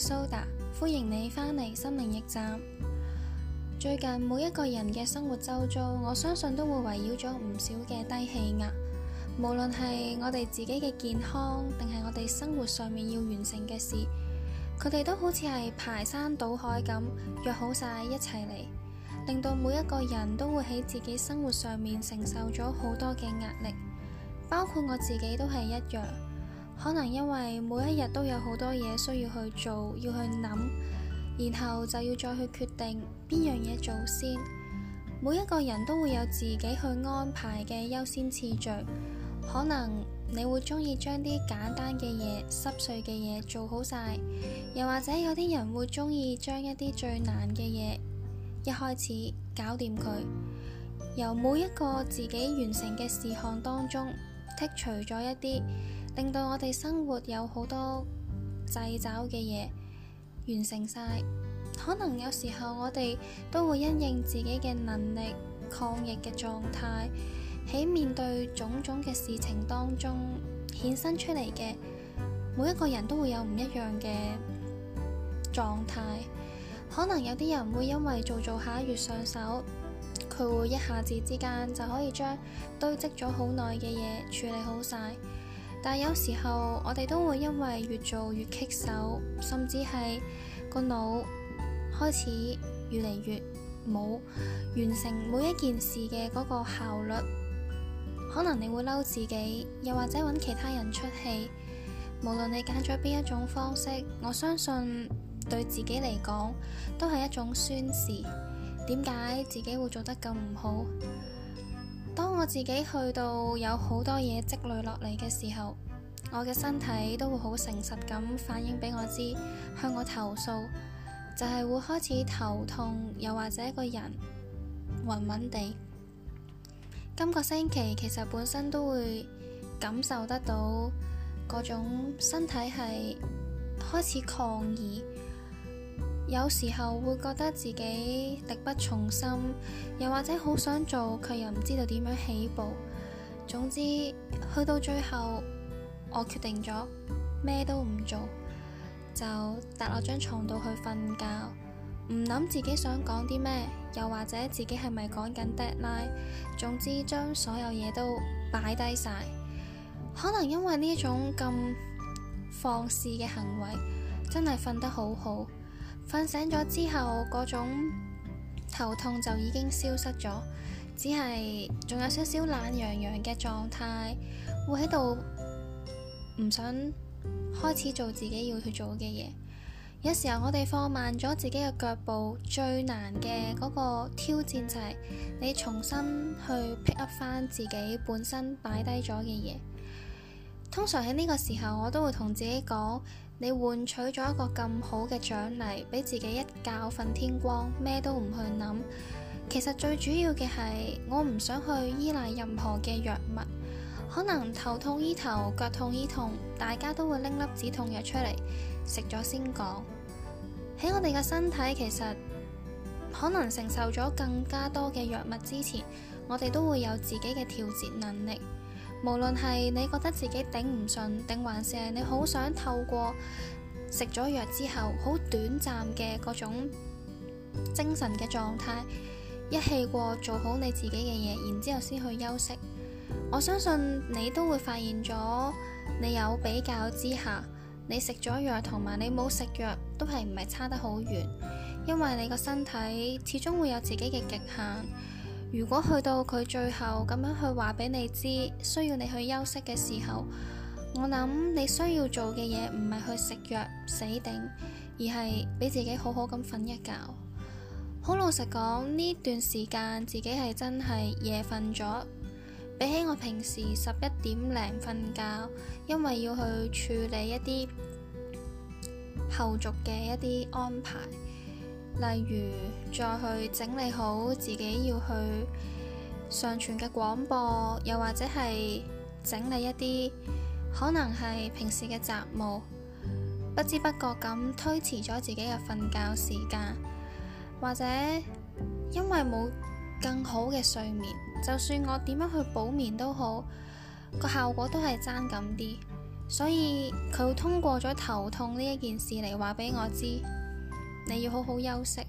Soda, 歡迎你返嚟心靈驛站。最近每一個人嘅生活周遭，我相信都會圍繞咗唔少嘅低氣壓，無論係我哋自己嘅健康，定係我哋生活上面要完成嘅事，佢哋都好似係排山倒海咁，約好晒一齊嚟，令到每一個人都會喺自己生活上面承受咗好多嘅壓力，包括我自己都係一樣。可能因為每一日都有好多嘢，需要去做，要去諗，然後就要再去決定，邊樣嘢做先。每一個人都會有自己去安排嘅優先次序。可能你會中意將啲簡單嘅嘢、濕碎嘅嘢做好晒，又或者有啲人會中意將一啲最難嘅嘢一開始搞掂佢。由每一個自己完成嘅事項當中剔除咗一啲。令到我哋生活有好多掣肘嘅嘢，完成晒。可能有時候我哋都會因應自己嘅能力、抗疫嘅狀態，喺面對種種嘅事情當中衍生出嚟嘅。每一個人都會有唔一樣嘅狀態，可能有啲人會因為做做下越上手，佢會一下子之間就可以將堆積咗好耐嘅嘢處理好晒。但有時候，我哋都會因為越做越棘手，甚至係個腦開始越嚟越冇完成每一件事嘅嗰個效率，可能你會嬲自己，又或者揾其他人出氣，無論你揀咗邊一種方式，我相信對自己嚟講都係一種宣洩。點解自己會做得咁唔好？當我自己去到有好多嘢積累落嚟嘅時候，我嘅身體都會好誠實咁反應俾我知，向我投訴，就係、是、會開始頭痛，又或者個人暈暈地。今個星期其實本身都會感受得到嗰種身體係開始抗議。有時候會覺得自己力不從心，又或者好想做，卻又唔知道點樣起步。總之去到最後，我決定咗咩都唔做，就搭落張床度去瞓覺，唔諗自己想講啲咩，又或者自己係咪講緊 deadline。總之將所有嘢都擺低晒。可能因為呢種咁放肆嘅行為，真係瞓得好好。瞓醒咗之後，嗰種頭痛就已經消失咗，只係仲有少少懶洋洋嘅狀態，會喺度唔想開始做自己要去做嘅嘢。有時候我哋放慢咗自己嘅腳步，最難嘅嗰個挑戰就係你重新去 pick up 翻自己本身擺低咗嘅嘢。通常喺呢個時候，我都會同自己講：你換取咗一個咁好嘅獎勵，俾自己一覺瞓天光，咩都唔去諗。其實最主要嘅係我唔想去依賴任何嘅藥物。可能頭痛醫頭，腳痛醫痛，大家都會拎粒止痛藥出嚟食咗先講。喺我哋嘅身體，其實可能承受咗更加多嘅藥物之前，我哋都會有自己嘅調節能力。無論係你覺得自己頂唔順，定還是係你好想透過食咗藥之後，好短暫嘅嗰種精神嘅狀態，一氣過做好你自己嘅嘢，然之後先去休息。我相信你都會發現咗，你有比較之下，你食咗藥同埋你冇食藥，都係唔係差得好遠，因為你個身體始終會有自己嘅極限。如果去到佢最後咁樣去話俾你知，需要你去休息嘅時候，我諗你需要做嘅嘢唔係去食藥死頂，而係俾自己好好咁瞓一覺。好老實講，呢段時間自己係真係夜瞓咗，比起我平時十一點零瞓覺，因為要去處理一啲後續嘅一啲安排。例如再去整理好自己要去上傳嘅廣播，又或者係整理一啲可能係平時嘅雜務，不知不覺咁推遲咗自己嘅瞓覺時間，或者因為冇更好嘅睡眠，就算我點樣去補眠都好，個效果都係爭咁啲，所以佢會通過咗頭痛呢一件事嚟話俾我知。你要好好休息。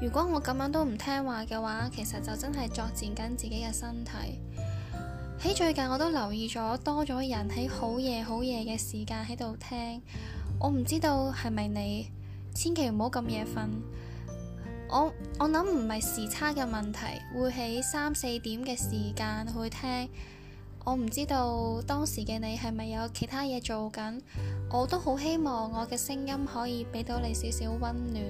如果我咁樣都唔聽話嘅話，其實就真係作賤緊自己嘅身體。喺最近我都留意咗多咗人喺好夜好夜嘅時間喺度聽，我唔知道係咪你。千祈唔好咁夜瞓。我我諗唔係時差嘅問題，會喺三四點嘅時間去聽。我唔知道當時嘅你係咪有其他嘢做緊，我都好希望我嘅聲音可以俾到你少少溫暖，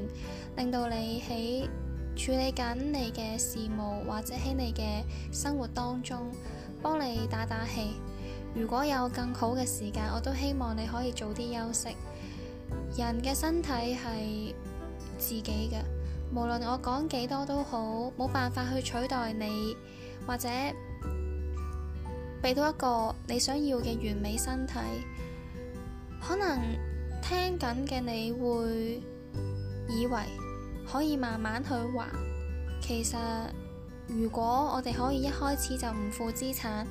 令到你喺處理緊你嘅事務，或者喺你嘅生活當中幫你打打氣。如果有更好嘅時間，我都希望你可以早啲休息。人嘅身體係自己嘅，無論我講幾多都好，冇辦法去取代你，或者。俾到一個你想要嘅完美身體，可能聽緊嘅你會以為可以慢慢去還。其實如果我哋可以一開始就唔負資產，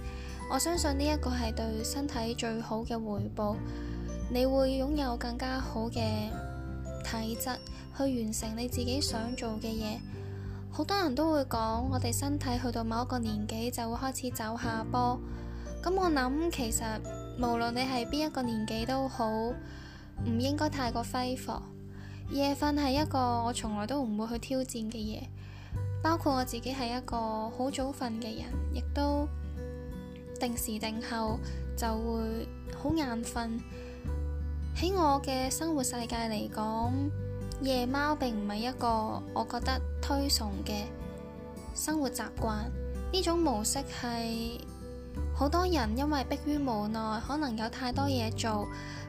我相信呢一個係對身體最好嘅回報。你會擁有更加好嘅體質，去完成你自己想做嘅嘢。好多人都會講，我哋身體去到某一個年紀就會開始走下坡。咁我諗，其實無論你係邊一個年紀都好，唔應該太過揮霍。夜瞓係一個我從來都唔會去挑戰嘅嘢，包括我自己係一個好早瞓嘅人，亦都定時定候就會好眼瞓。喺我嘅生活世界嚟講。夜貓並唔係一個我覺得推崇嘅生活習慣。呢種模式係好多人因為迫於無奈，可能有太多嘢做，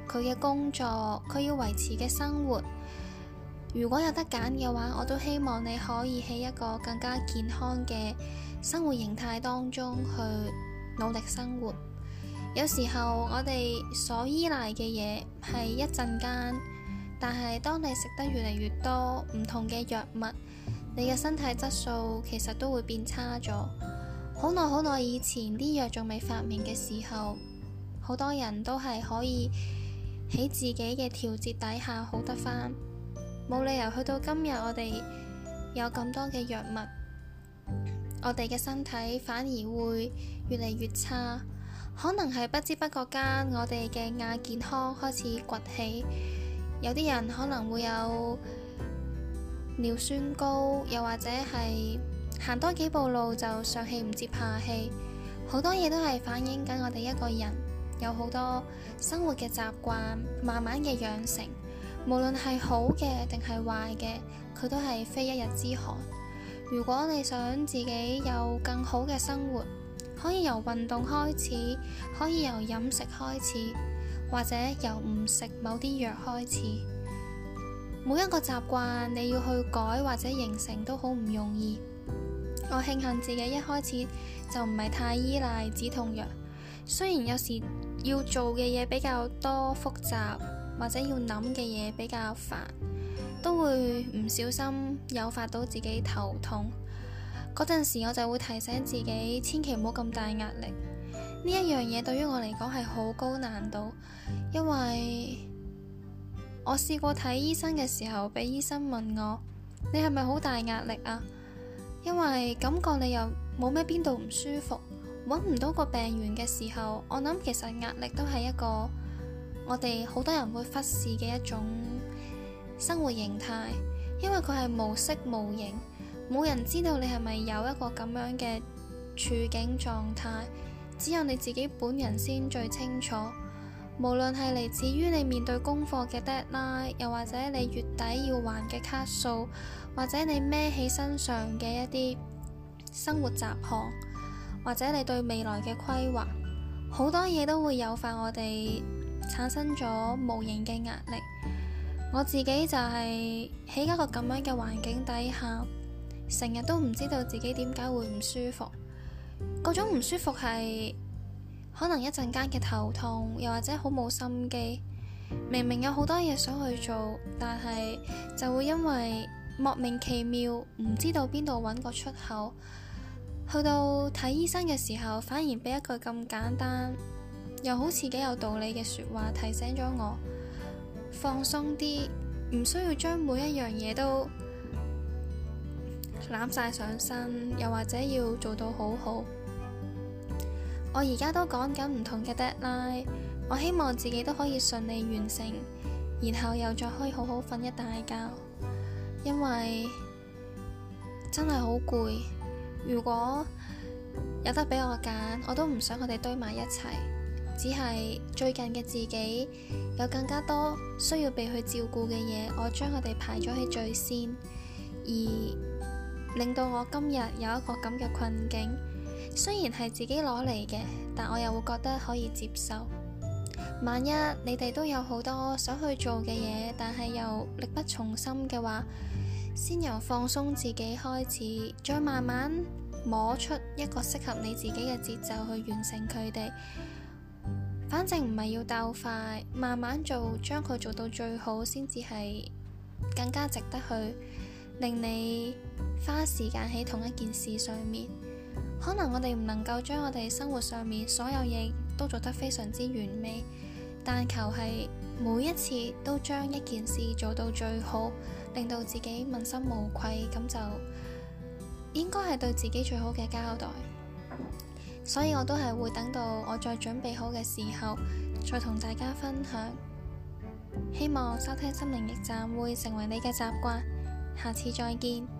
佢嘅工作，佢要維持嘅生活。如果有得揀嘅話，我都希望你可以喺一個更加健康嘅生活形態當中去努力生活。有時候我哋所依賴嘅嘢，係一陣間。但係，當你食得越嚟越多唔同嘅藥物，你嘅身體質素其實都會變差咗。好耐好耐以前啲藥仲未發明嘅時候，好多人都係可以喺自己嘅調節底下好得返。冇理由去到今日我哋有咁多嘅藥物，我哋嘅身體反而會越嚟越差。可能係不知不覺間，我哋嘅亞健康開始崛起。有啲人可能會有尿酸高，又或者係行多幾步路就上氣唔接下氣，好多嘢都係反映緊我哋一個人有好多生活嘅習慣，慢慢嘅養成。無論係好嘅定係壞嘅，佢都係非一日之寒。如果你想自己有更好嘅生活，可以由運動開始，可以由飲食開始。或者由唔食某啲藥開始，每一個習慣你要去改或者形成都好唔容易。我慶幸自己一開始就唔係太依賴止痛藥，雖然有時要做嘅嘢比較多複雜，或者要諗嘅嘢比較煩，都會唔小心誘發到自己頭痛。嗰陣時我就會提醒自己，千祈唔好咁大壓力。呢一樣嘢對於我嚟講係好高難度，因為我試過睇醫生嘅時候，俾醫生問我你係咪好大壓力啊？因為感覺你又冇咩邊度唔舒服，揾唔到個病源嘅時候，我諗其實壓力都係一個我哋好多人會忽視嘅一種生活形態，因為佢係無色無形，冇人知道你係咪有一個咁樣嘅處境狀態。只有你自己本人先最清楚。無論係嚟自於你面對功課嘅 deadline，又或者你月底要還嘅卡數，或者你孭起身上嘅一啲生活雜項，或者你對未來嘅規劃，好多嘢都會誘發我哋產生咗無形嘅壓力。我自己就係、是、喺一個咁樣嘅環境底下，成日都唔知道自己點解會唔舒服。各種唔舒服係可能一陣間嘅頭痛，又或者好冇心機，明明有好多嘢想去做，但係就會因為莫名其妙唔知道邊度搵個出口。去到睇醫生嘅時候，反而俾一句咁簡單又好似幾有道理嘅說話提醒咗我，放鬆啲，唔需要將每一樣嘢都。攬晒上身，又或者要做到好好。我而家都講緊唔同嘅 deadline，我希望自己都可以順利完成，然後又再可以好好瞓一大覺，因為真係好攰。如果有得俾我揀，我都唔想佢哋堆埋一齊。只係最近嘅自己有更加多需要被佢照顧嘅嘢，我將佢哋排咗喺最先而。令到我今日有一個咁嘅困境，雖然係自己攞嚟嘅，但我又會覺得可以接受。萬一你哋都有好多想去做嘅嘢，但係又力不從心嘅話，先由放鬆自己開始，再慢慢摸出一個適合你自己嘅節奏去完成佢哋。反正唔係要鬥快，慢慢做，將佢做到最好先至係更加值得去令你花時間喺同一件事上面，可能我哋唔能夠將我哋生活上面所有嘢都做得非常之完美，但求係每一次都將一件事做到最好，令到自己問心無愧，咁就應該係對自己最好嘅交代。所以我都係會等到我再準備好嘅時候，再同大家分享。希望收聽心靈驛站會成為你嘅習慣，下次再見。